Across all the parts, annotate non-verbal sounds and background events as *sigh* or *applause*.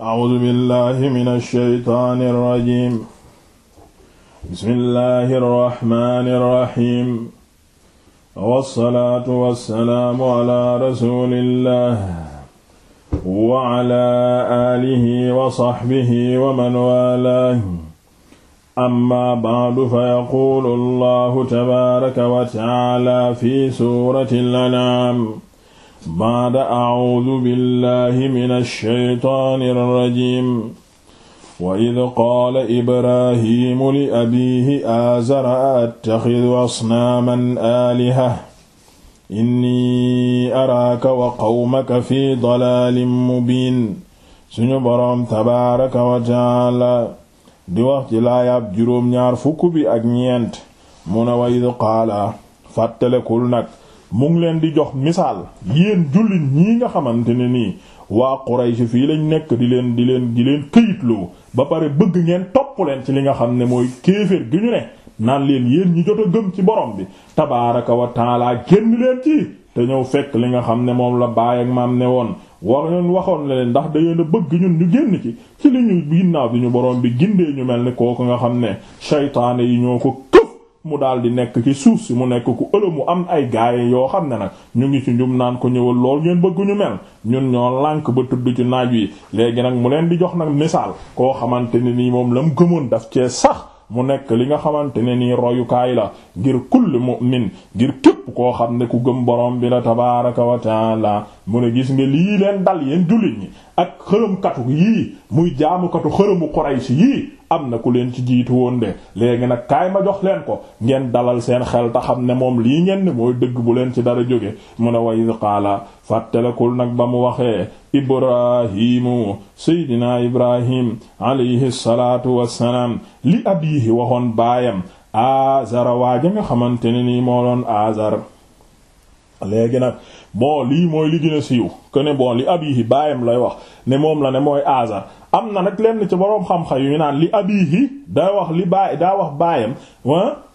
أعوذ بالله من الشيطان الرجيم بسم الله الرحمن الرحيم والصلاة والسلام على رسول الله وعلى آله وصحبه ومن والاه أما بعد فيقول الله تبارك وتعالى في سورة الأنعام baada acuudu billahi min alsheytaani alrajim wa id qaala ibrahimu li abiihi aazara attaxidu asnaaman aaliha inni araaka wa qawmaka fi dalaalin mubiin suñu boroom tabaaraka wa tacaala di wax ci laayaab juróom ñaar fukk bi ak ñeent mu ne wa id qaala fàttalekul nag mu ngi leen di jox misaal yéen jullit ñii nga xamante ne nii waa Quraysh fii lañ nekk di leen di leen di leen këyitloo ba pare bëgg ngeen topp leen ci li nga xam ne mooy kéeféer gi naan leen yéen ñi jot a gëm ci borom bi tabaaraka wa taala génn leen ci te ñëw fekk li nga xam ne moom la baay ak maam ne woon wax ñun waxoon la leen ndax da yéen a bëgg ñun ñu génn ci ci li ñu ginnaaw bi ñu borom bi gindee ñu mel ni kooku nga xam ne saytaane yi ñoo ko mu daal di nekk ci suuf si mu nekk ku ëlëmu am ay gaay yoo xam ne nag ñu ngi ci njum naan ko ñëwal lool ngeen bëgguñu ñu mel ñun ñoo lànk ba tudd ci naaj wi léegi nag mu leen di jox nag misaal koo xamante ne nii moom la mu gëmoon daf cee sax mu nekk li nga xamante ne nii royukaay la ngir kulli mu'min ngir képp koo xam ne ku gëm borom bi la tabaaraka wa taala mu ne gis nga lii leen dal yéen jullit ñi ak xërëmkatu yii muy jaamukatu xërëmu Quraysi yii am na ku leen ci jiitu woon de léegi nag kaay ma jox leen ko ngeen dalal seen xel ta xam ne moom lii ngeen ne mooy dëgg bu leen ci dara jóge mu ne wa iz qaala fàttalekul nag ba mu waxee ibrahimu seydinaa ibrahim alayhi salaatu wassalaam li abiihi waxoon baayam azara waa ja nga xamante ne nii moo doon azar léegi nag bon lii mooy li gën a siiw que ne bon li abihi baayam lay wax ne moom la ne mooy azar am na nag lenn ci woroom xam-xam yu naan li abihi daa wax li baay daa wax baayam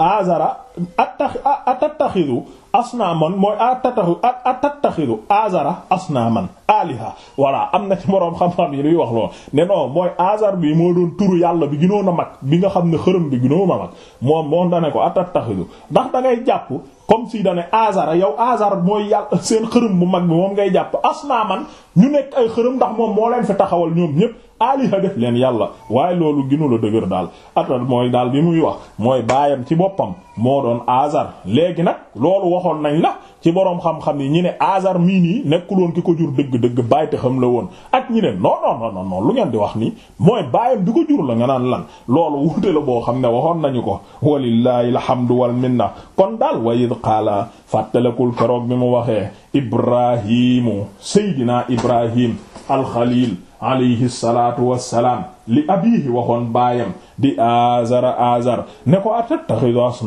azara atax atattaxidu asnaaman mooy atattaxu atattaxidu azara asnaaman aliha voilà am na ci boroom xam-xam yi luy wax lool ne non mooy azar bi moo doon turu yàlla bi gënoon a mag bi nga xam ne xërëm bi gënoon a mag moom moom dane ko atattaxidu ndax da ngay jàpp comme si dane azara yow azar mooy yàlla seen xërëm bu mag bi moom ngay jàpp asnaaman ñu nekk ay xërëm ndax moom moo leen taxawal ñoom ñépp aliha def leen yàlla waaye loolu ginu la dëgër daal atal mooy daal bi muy wax mooy baayam ci boppam moo doon azar léegi nag loolu waxoon nañ la ci boroom xam-xam yi ñi ne azar mii nii nekkuloon ki ko jur dëgg-dëgg bàyyite xam la woon ak ñi ne non non non non lu ngeen di wax nii mooy baayam di ko jur la nga naan lan loolu wuute la boo xam ne waxoon nañu ko walillahi alhamdu wal minna kon daal wa id qaala fàttalekul keroog bi mu waxee ibrahimu seydina ibrahim alxalil alayhi salaatu wassalaam li abiihi waxoon baayam di azara azar ne ko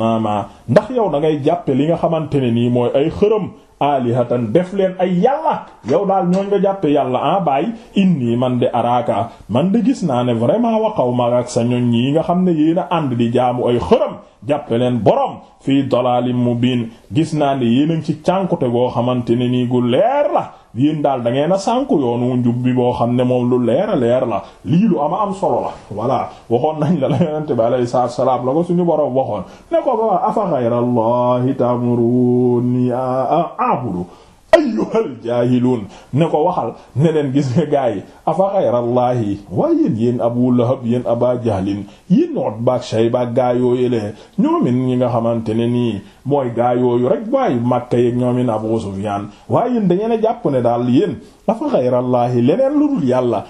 naa ma ndax yow da ngay jàppe li nga xamante ne nii mooy ay xërëm alihatan def leen ay yàlla yow daal ñooñ nga jàppe yàlla ah baay inni man de araaka man de gis naa ne vraiment wa qawmaka ak sa ñoñ ñii nga xam ne yéen a ànd di jaamu ay xërëm jàppe leen borom fii dalaalin mubiin gis naa ne yéen a ngi ci cànkute goo xamante ne nii gu leer la yéen daal da ngeen a sànku yoonu njub bi boo xam ne moom lu leer leer la lii lu ama am solo la voilà waxoon nañ la la yonente bi alayhi la ko suñu borom waxoon ne ko ba afa ghayra allahi ta'muruni a'budu ayyuhal jaahiluun ne ko waxal ne leen gis nga gaa yi afa xayrallaahi waaye yéen yéen abu lahab yéen aba jahlin yéen Utba ak Shayba ak gaa yooyu lee ñoomin ñi nga xamante ne nii mooy gaa yooyu rek waaye Makka yeeg ñoomin abu Sufyaan waaye yéen da ngeen jàpp ne daal yéen afa xayrallaahi leneen lu dul yàlla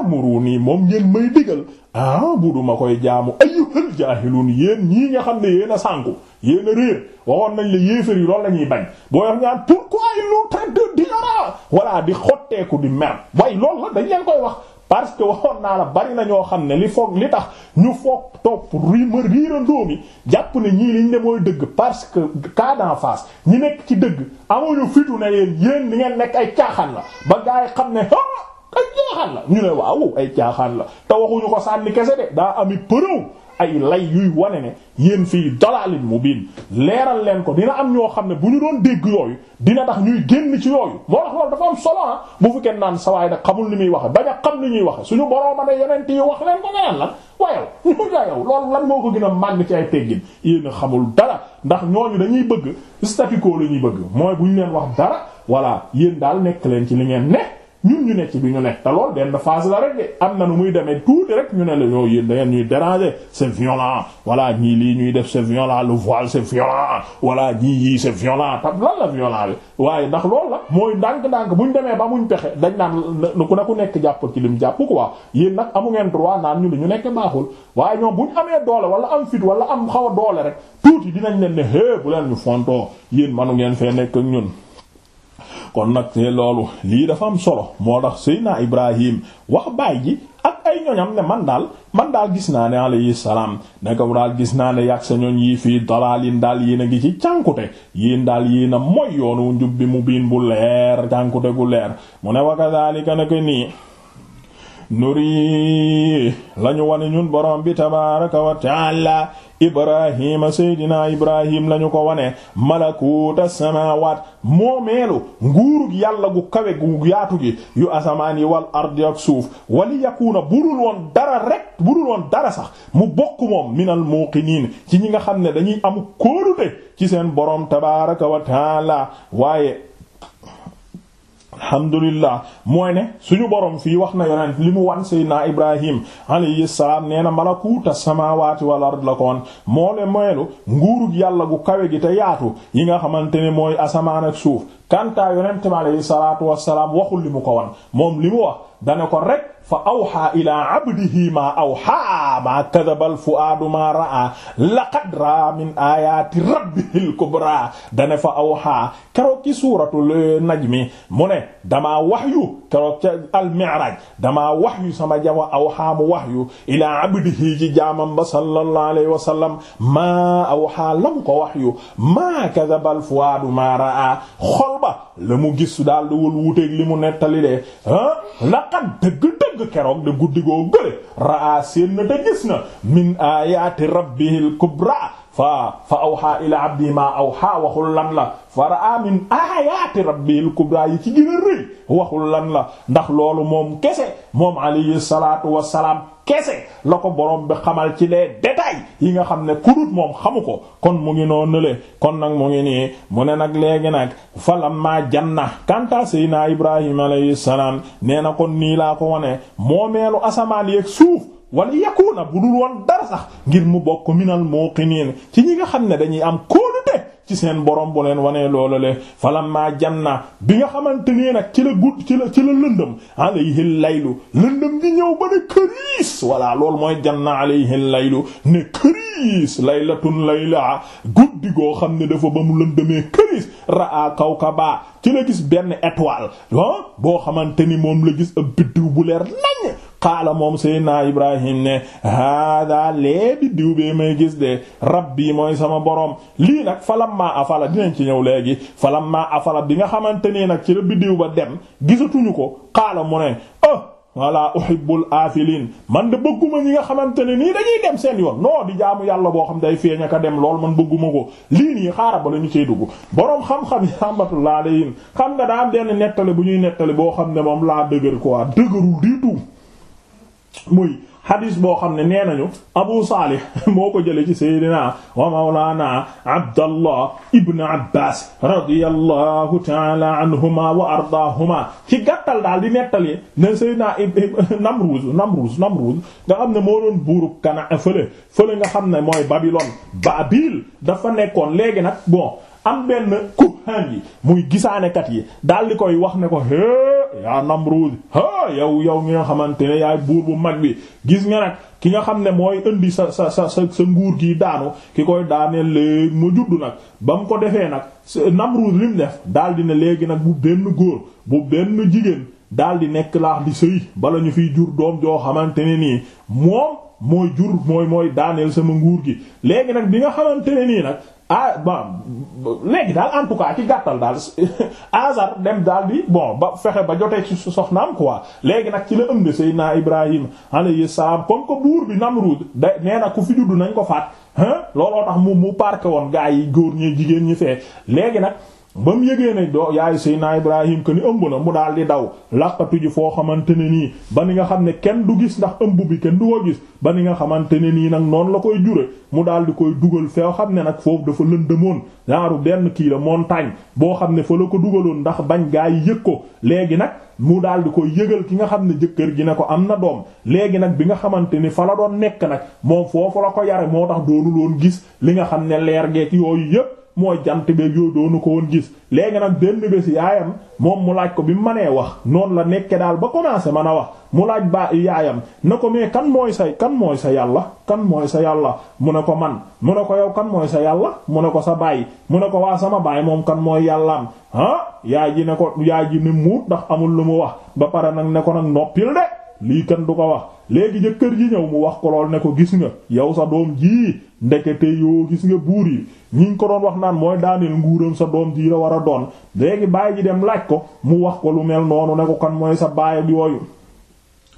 taamuruni moom ngeen may digal ah bu ma koy jaamu ayyuhal jaahilun yéen ñii nga xam ne yéen a sànku yéen réer waxoon nañ la yéefar yi lool lañuy ñuy bañ boo wax ñaan pourquoi ils di xotteeku di mer waaye loolu la dañ leen koy wax parce que waxoon naa la bari na ñoo xam ne li foog li tax ñu foog topp rima riira ndóomi jàpp ne ñii liñ ne mooy dëgg parce que cas d'en ñi nekk ci dëgg amuñu fitu na yéen yéen li ngeen nekk ay caaxaan la ba gaa xam ne ah ay caaxaan la ñu ne waaw ay caaxaan la te waxuñu ko sànni kese de daa ami përëw ay lay yuy wane ne yéen fii mu mubin leeral leen ko dina am ñoo xam ne bu ñu doon dégg yooyu dina tax ñuy génn ci yooyu moo tax loolu dafa am solo ah bu fi kenn naan sawaay nag xamul ni muy wax bañ xam ni ñuy waxe suñu borooma ne yonent yi wax leen ko ngeen lan waayow ñu jaayow loolu lan moo ko gën a màgg ci ay teggin yéen xamul dara ndax ñooñu dañuy bëgg statu quo ñuy bëgg mooy bu leen wax dara voilà yéen daal nekk leen ci li ngeen ñun ñu nekk ci bi ñu ne te lool benn phase la rek de am na nu muy demee tuuti rek ñu ne la ñoo yéen da ngeen ñuy déranger c'est violent voilà ñii lii ñuy def c'est violent le voile c'est violent voilà ñii yii c'est violent tam lan la violent bi waaye ndax loolu la mooy ndànk-ndànk ñu demee ba muñ pexe dañ naan ku na ku nekk jàpp ci lim jàpp quoi yéen nag amu ngeen droit naan ñu li ñu nekk baaxul waaye ñoom buñ amee doole wala am fit wala am xaw a doole rek dinañ leen ne bu leen ñu fontoo yéen manu ngeen fee nekk ak ñun kon nag see loolu lii dafa am solo moo tax Seydina Ibrahim wax baay ji ak ay ñoñam ne man daal man daal gis naa ne alayhi salaam naka daal gis naa ne yàgg sa ñoñ yi fii dalaalin daal yéen a ngi ci cànkute yéen daal yéen a moy yoonu njub bi mu biin bu leer cànkute gu leer mu ne wa kadhalika naka nii nuri lañu wane ñun borom bi tabaaraka wa taala ibrahima seydina ibrahim lañu ko wane malakuuta samaawaat moo meelu nguurug yàlla gu kawe gu yaatu gi yu asamaan yi wal ardi suuf wali yakuuna budul woon dara rek budul woon dara sax mu bokk moom minal muuqiniin ci ñi nga xam ne dañuy am kóolute ci seen borom tabaaraka wa taala waaye alhamdulillah mooy ne suñu borom fii wax na yonent li mu wan Seydina Ibrahim alayhi salaam nee na malakuuta samaawaati wal ard la koon moo le moyelu nguurug yàlla gu kawe gi te yaatu yi nga xamante ne mooy asamaan suuf kantaa yonent mi alayhi salaatu wassalaam waxul li mu ko wan moom li mu wax dane ko rek fa awxaa ilaa abdihi maa awxaa maa kadabal fuaadu maa raa laqad raa min ayaati rabbihil kubra dane fa awxaa keroog ci suuratul najmi mu ne damaa waxyu keroog ca almiraaj damaa waxyu sama jama awxaa mu waxyu ilaa abdihi ci jaamam ba sallallahu alayhi wa sallam maa awxaa la mu ko waxyu maa kadabal fuaadu maa raa ba la mu gis daal di wul wuteeg li mu nettali de ah laqad dëgg-dëgg keroog de guddi goo gële raa seen na te gis na min ayati rabbihil kubra fa fa awhaa ila abdi ma awhaa waxul lan la fa raa min ayaati rabbil kubra yi ci gën rëy waxul lan la ndax loolu moom kese moom alayhi salaatu wassalaam kese la ko borom bi xamal ci les détails yi nga xam ne kudut moom xamu ko kon mu ngi noo le kon nag mu ngi nii mu ne nag léegi nag falamma janna kanta seyna ibrahim alayhi salaam nee na kon nii laa ko wone moomeelu asamaan yeek suuf wala na bu dul woon dara sax ngir mu bokk minal muqinin ci ñi nga xam ne dañuy am kóolute ci seen borom bu leen wanee loolu le falamma janna bi nga xamante ne nag ci la gudd ci la ci la lëndëm alayhi laylu lëndëm di ñëw ba ne këriis walla loolu mooy janna alayhi laylu ne këriis laylatun layla guddi goo xam ne dafa ba mu lëndëmee këriis raa kawkaba ci la gis benn étoile ah boo xamante ni moom la gis ab biddiw bu leer nañ qaala moom Seydina Ibrahim ne hada lee biddiw bee may gis de rabbi mooy sama borom lii nag falamma afala dinañ ci ñëw léegi falamma afala bi nga xamante nii nag ci la biddiw ba dem gisatuñu ko qaala mu ne oh wala uhibbul afilin man de bëgguma ñi nga xamante ne nii dañuy dem seen yoon non di jaamu yàlla boo xam day feeñ aka dem lool man bëgguma ko lii nii xaara ba la ñu cey dugg boroom xam-xam yi rahmatullah alayhim xam nga daa am denn nettale bu ñuy nettale boo xam ne moom laa dëgër quoi muy xadis boo xam ne nee nañu Abu Salih *laughs* moo ko jële ci Seydina wa Mawlana Abdallah Ibn Abbas radiyallahu ta'ala anhuma wa ardaahuma ci gàttal daal di nettali ne Seydina *laughs* Namruz Namruz Namruz nga xam ne moo doon buurub Kana fële fële nga xam ne mooy Babylone Babil dafa nekkoon léegi nag bon. am benn kuhaan yi muy gisaanekat yi daal di koy wax ne ko hé yaa Namruud ha yow yow mi nga xamante ne yaay buur bu mag bi gis nga nag ki nga xam ne mooy indi sa sa sa sa nguur gi daanu ki koy daaneel léegi mu judd nag ba mu ko defee nag Namruud li mu def daal di ne léegi nag bu benn góor bu benn jigéen daal di nekk laax di sëy bala ñu fiy jur doom joo xamante ne nii moom mooy jur mooy mooy daaneel sama nguur gi léegi nag bi nga xamante ne nii nag ah ba léegi daal en tout cas ci gàttal daal *laughs* hasard dem daal di bon ba fexe ba jotee ci soxnaam quoi léegi nag ci la ëmb Seydina Ibrahim alayhi salaam comme que buur bi Namrud da nee na ku fi juddu nañ ko faat hein looloo tax mu mu parqué woon gaa yi góor ñi jigéen ñi fee léegi nag. ba mu yëgee ne doo yaay Seydina Ibrahim que ni ëmb na mu daal di daw làqatu ji foo xamante ne nii ba ni nga xam ne kenn du gis ndax ëmb bi kenn du ko gis ba ni nga xamante ne nii nag noonu la koy jure mu daal di koy dugal foo xam ne nag foofu dafa lëndëmoon genre benn kii la montagne boo xam ne fa la ko dugaloon ndax bañ gaa yi yëg ko léegi nag mu daal di koy yëgal ki nga xam ne jëkkër gi ne ko am na doom léegi nag bi nga xamante ni fa la doon nekk nag moom foofu la ko yare moo tax doonul woon gis li nga xam ne leer geek yooyu yëpp mooy jant beeg yooyu doonu ko woon gis léegi nag benn bés yaayam moom mu laaj ko bi mu mënee wax noonu la nekke daal ba commencé mën a wax mu laaj ba yaayam na ko mais kan mooy sa kan mooy sa yàlla kan mooy sa yàlla mu ne ko man mu ne ko yow kan mooy sa yàlla mu ne ko sa baay mu ne ko waa sama baay moom kan mooy yàllaam ah yaay ji ne ko yaay ji ne muut ndax amul lu mu wax ba pare nag ne ko nag noppil de lii kan du ko wax léegi jëkkër ji ñëw mu wax ko lool ne ko gis nga yow sa doom ji ndekete yoo gis nga buur yi ñi ko doon wax naan mooy daaneel nguuram sa doom ji la war a doon léegi baay ji dem laaj ko mu wax ko lu mel noonu ne ko kan mooy sa baay ak yooyu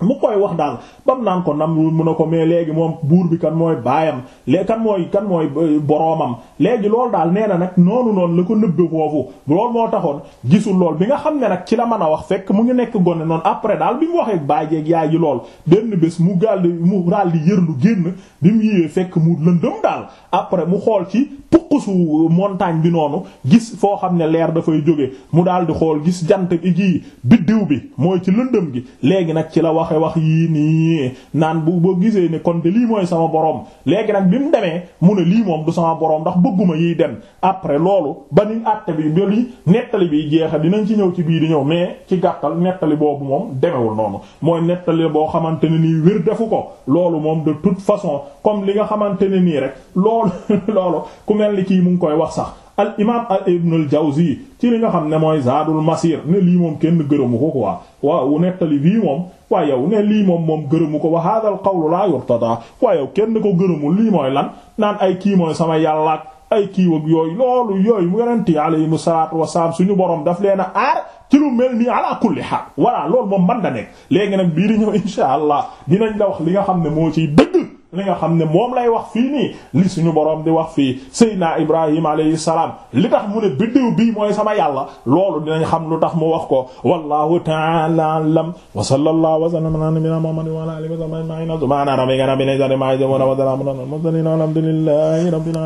mu koy wax daal bam naan ko nam mu ne ko mais léegi moom buur bi kan mooy baayam lé kan mooy kan mooy boroomam léegi loolu daal nee na nag noonu noonu la ko nëbbe foofu loolu moo taxoon gisul lool bi nga xam ne nag ci la mën a wax fekk mu ngi nekk gone noonu après daal bi mu waxee baajeeg yaay ji lool benn bés mu gàll mu daal di yërlu génn bi mu yéwee fekk mu lëndëm daal après mu xool ci puqusu montagne bi noonu gis foo xam ne leer dafay jóge mu daal di xool gis jant gi biddiw bi mooy ci lëndëm gi léegi nag ci la wax waxe wax yii nii naan bu boo gisee ne kon de lii mooy sama boroom léegi nag bi mu demee mu ne lii moom du sama boroom ndax bëgguma yiy dem après loolu ba ni àtte bi bali nettali bi jeexa dinañ ci ñëw ci biir di ñëw mais ci gàttal nettali boobu moom demewul noonu mooy nettali boo xamante ne nii wér defu ko loolu moom de tout façon comme li nga xamante ne nii rek loolu *laughs* loolu ku mel ni kii mu ngi koy wax sax al imaam al ibn jawzi ci li nga xam ne mooy zaadul masir ne lii moom kenn gërëmu ko quoi waaw waaye yow ne lii moom moom gërëmu ko wa hadha al la yurtada waaye yow kenn ko gërëmul lii mooy lan naan ay kii mooy sama yàllaat ay kiiw ak yooyu loolu yooyu mu yonente alayhi salaatu wasalaam suñu borom daf leen a aar ci lu mel nii ala kulli xaal voilà loolu moom man da nekk léegi nag bii di ñëw *laughs* insha allah dinañ la wax li nga xam ne moo ciy dëgg li nga xam ne moom lay wax fii li li suñu boroom di wax fii Seydina Ibrahim alayhi salaam li tax mu ne biddiw bii mooy sama yàlla loolu dinañ xam lu tax mu wax ko wallahu ta'ala a'lam wa sallallahu wa sallama ala nabiyyina muhammadin wa ala alihi wa sahbihi ajma'in subhana rabbika rabbil izzati amma yasifun wa salamun ala al mursalin walhamdulillahi rabbil